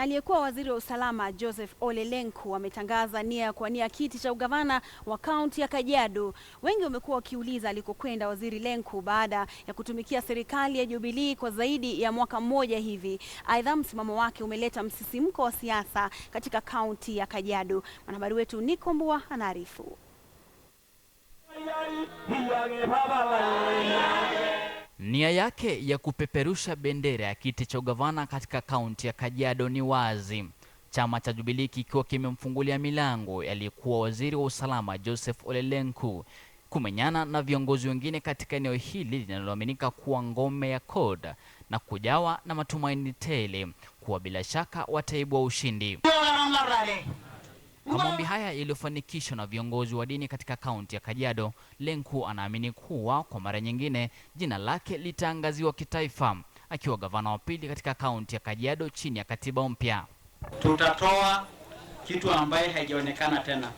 Na aliyekuwa waziri wa usalama Joseph Ole Lenku ametangaza nia ya kuwania kiti cha ugavana wa kaunti ya Kajiado. Wengi wamekuwa wakiuliza alikokwenda waziri Lenku baada ya kutumikia serikali ya Jubilee kwa zaidi ya mwaka mmoja hivi. Aidha, msimamo wake umeleta msisimko wa siasa katika kaunti ya Kajiado. Mwanahabari wetu Niko Mbua anaarifu. Nia yake ya kupeperusha bendera ya kiti cha ugavana katika kaunti ya Kajiado ni wazi, chama cha Jubilee kikiwa kimemfungulia milango aliyekuwa waziri wa usalama Joseph Ole Lenku kumenyana na viongozi wengine katika eneo hili linaloaminika kuwa ngome ya CORD na kujawa na matumaini tele kuwa bila shaka wataibwa ushindi kwa Maombi haya yaliyofanikishwa na viongozi wa dini katika kaunti ya Kajiado. Lenku anaamini kuwa kwa mara nyingine jina lake litaangaziwa kitaifa akiwa gavana wa pili katika kaunti ya Kajiado chini ya katiba mpya. Tutatoa kitu ambaye haijaonekana tena,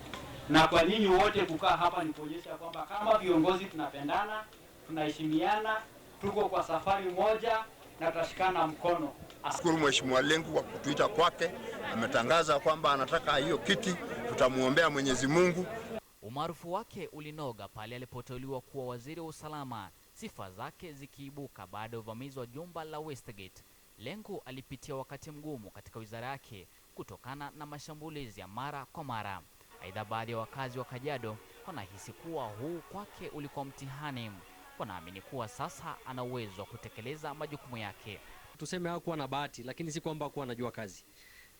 na kwa ninyi wote kukaa hapa ni kuonyesha kwamba kama viongozi tunapendana, tunaheshimiana, tuko kwa safari moja na tutashikana mkono. Shukuru Mheshimiwa lengu kwa kutuita kwake, ametangaza kwamba anataka hiyo kiti, tutamwombea Mwenyezi Mungu. Umaarufu wake ulinoga pale alipoteuliwa kuwa waziri wa usalama, sifa zake zikiibuka baada ya uvamizi wa jumba la Westgate. Lengu alipitia wakati mgumu katika wizara yake kutokana na mashambulizi ya mara kwa mara. Aidha, baadhi ya wakazi wa Kajiado wanahisi kuwa huu kwake ulikuwa mtihani. Wanaamini kuwa sasa ana uwezo wa kutekeleza majukumu yake tuseme hakuwa na bahati, lakini si kwamba hakuwa anajua kazi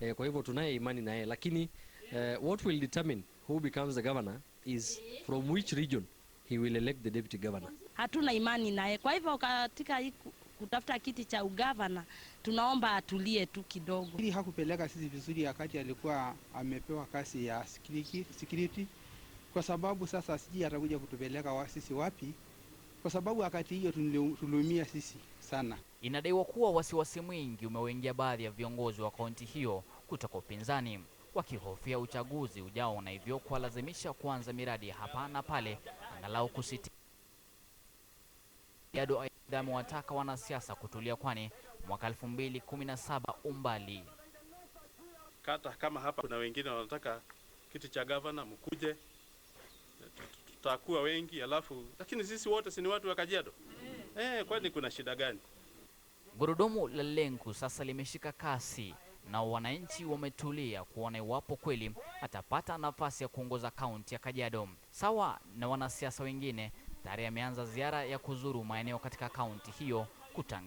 eh, kwa hivyo tunaye imani yeye, lakini eh, what will determine who becomes the governor is from which region he will elect the deputy governor. Hatuna imani naye, kwa hivyo katika kutafuta kiti cha ugavana tunaomba atulie tu kidogo. Ili hakupeleka sisi vizuri wakati alikuwa amepewa kazi ya security, security, kwa sababu sasa sijui atakuja kutupeleka sisi wapi kwa sababu wakati hiyo tuliumia sisi sana. Inadaiwa kuwa wasiwasi mwingi umewaingia baadhi ya viongozi wa kaunti hiyo kutoka upinzani wakihofia uchaguzi ujao na hivyo kuwalazimisha kuanza miradi hapa na pale angalau kusitisha. Aidha, amewataka wanasiasa kutulia, kwani mwaka 2017 umbali kata kama hapa kuna wengine wanataka kiti cha gavana mkuje tutakuwa wengi alafu, lakini sisi wote si ni watu wa Kajiado Eh, eh kwani kuna shida gani? Gurudumu la Lenku sasa limeshika kasi na wananchi wametulia kuona iwapo kweli atapata nafasi ya kuongoza kaunti ya Kajiado. Sawa na wanasiasa wengine, tayari ameanza ziara ya kuzuru maeneo katika kaunti hiyo kutanga